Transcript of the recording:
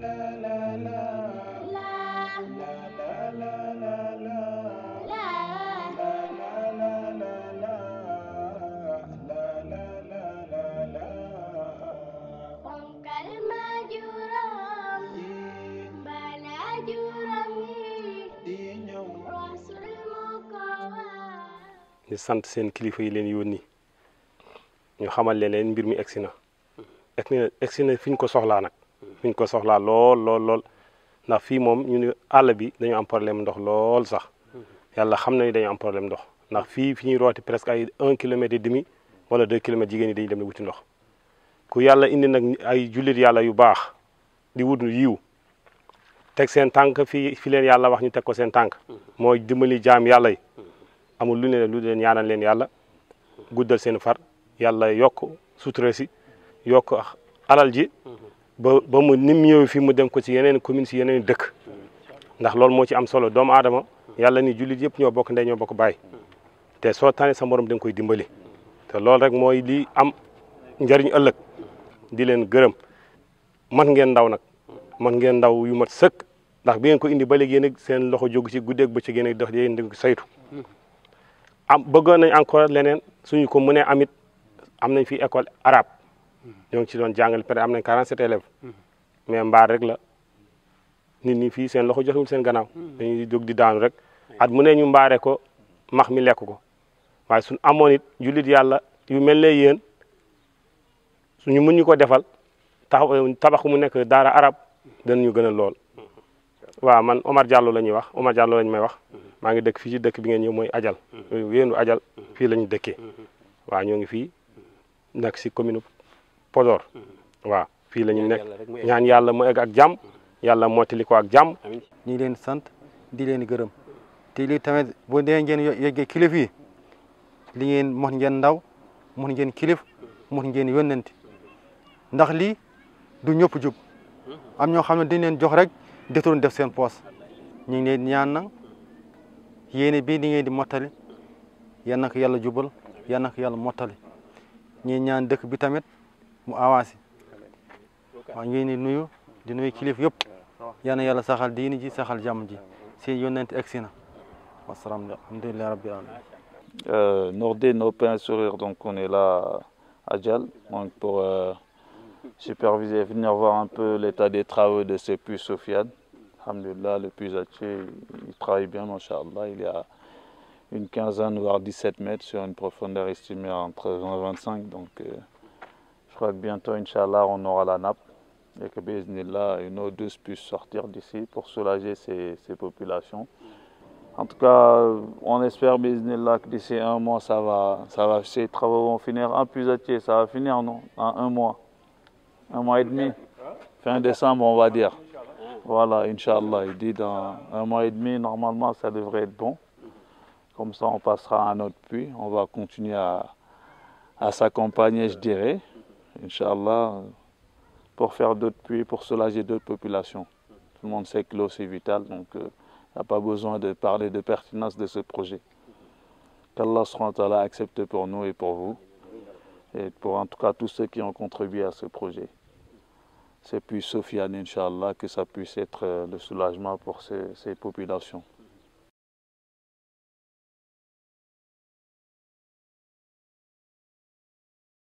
لا لا لا لا لا لا لا di sant seen kilifa yi leen yónni ñu xamal leen leen mbir mi egsi na egsi na egsi na fi ñu ko soxlaa nag fi ñu ko soxlaa lool lool ndax fii moom ñu ne àll bi dañu am problème ndox lool sax yàlla xam na ni am problème ndox ndax fii fi ñuy root presque ay un kilomètre demi wala de kilomètres jigéen ñi dañuy dem di wuti ndox ku yàlla indi nag ay jullit yàlla yu baax di wut yiw teg seen tànk fii fi leen yàlla wax ñu teg ko seen tànk mooy dimbali jaam yàlla yi amul lu ne lu leen ñaanal leen yàlla guddal seen far yàlla yokk sutura yokk alal ji ba ba mu ni mu ñëwee fii mu dem ko ci yeneen commune si yeneeni dëkk ndax loolu moo ci am solo doomu aadama yàlla ni jullit yëpp ñoo bokk ndey ñoo bokk bàyyi te soo tane sa morom da koy dimbali te loolu rek mooy li am njariñ ëllëg di leen gërëm mat ngeen ndaw nag mat ngeen ndaw yu mat sëkk ndax bi ngeen ko indi ba léegi yéen seen loxo jóg ci guddeeg bëccëg yéen a def yéen ko saytu am bëggoon nañ encore leneen suñu ko mënee amit am nañ fi école arab ñoo ngi doon jàngal pare am nañ 47 élèves mais mbaar rek la nit ñi fii seen loxo jotul seen gannaaw dañuy jóg di daanu rek at mu ne ñu mbaare ko max mi lekk ko waaye suñ amoon it jullit yàlla yu mel ne yéen suñu mu ñu ko defal tax tabax mu nekk daara arab danañu gën a lool waaw man Omar Diallo la ñu wax Omar Diallo la ñu may wax maa ngi dëkk fii ci dëkk bi ngeen ñëw mooy ajal yéenu mm-hmm. ajal fii la ñu dëkkee mm-hmm. waaw ñoo ngi fii nag si commune Podor mm-hmm. waaw fii la ñu nekk ñaan yàlla mu egg ak jàmm yàlla mottali ko ak jàmm. ñu ngi leen sant di leen gërëm te lii tamit bu dee ngeen yeggee kilif yi li ngeen mot ngeen ndaw mot ngeen kilif mot ngeen yónnante ndax lii du ñëpp jub mm-hmm. am ñoo xam ne dañ leen jox rek détourne def seen poos ñu ngi ñaan na yéene bi di ngeen di mottali yal na ko yàlla jubal yal na ko mottali ñi ñaan dëkk bi tamit. mu avancé waaw ngi leen di nuyu di nuyu kilif yëpp yal na yàlla saxal diini ji saxal jam ji seen yónneent egsi na wasalaam alhamdulilah rabbil alamin euh, Nordé No Pain Sourire donc on est là à Djal donc pour euh, superviser venir voir un peu l'état des travaux de ce puits Sofiane Alhamdulillah, le puits il travaille bien, Masha'Allah. Il y a une quinzaine, voire 17 mètres sur une profondeur estimée entre 20 et 25. Donc, euh, je crois que bientôt, Inch'Allah, on aura la nappe et que Béznillah, une eau douce puisse sortir d'ici pour soulager ces, populations. En tout cas, on espère Béznillah que d'ici un mois, ça va, ça va, ces travaux vont finir. Un plus ça va finir non, en un mois, un mois et demi, fin décembre, on va dire. Voilà, Inch'Allah, il dit dans un mois et demi, normalement, ça devrait être bon. Comme ça, on passera à un autre puits, on va continuer à, à s'accompagner, je dirais. Inch'Allah, pour faire d'autres puits, pour soulager d'autres populations. Tout le monde sait que l'eau, c'est vital, donc il euh, n'y a pas besoin de parler de pertinence de ce projet. Qu'Allah accepte pour nous et pour vous, et pour en tout cas tous ceux qui ont contribué à ce projet. C'est puis Sofiane, Inch'Allah, que ça puisse être euh, le soulagement pour ces populations.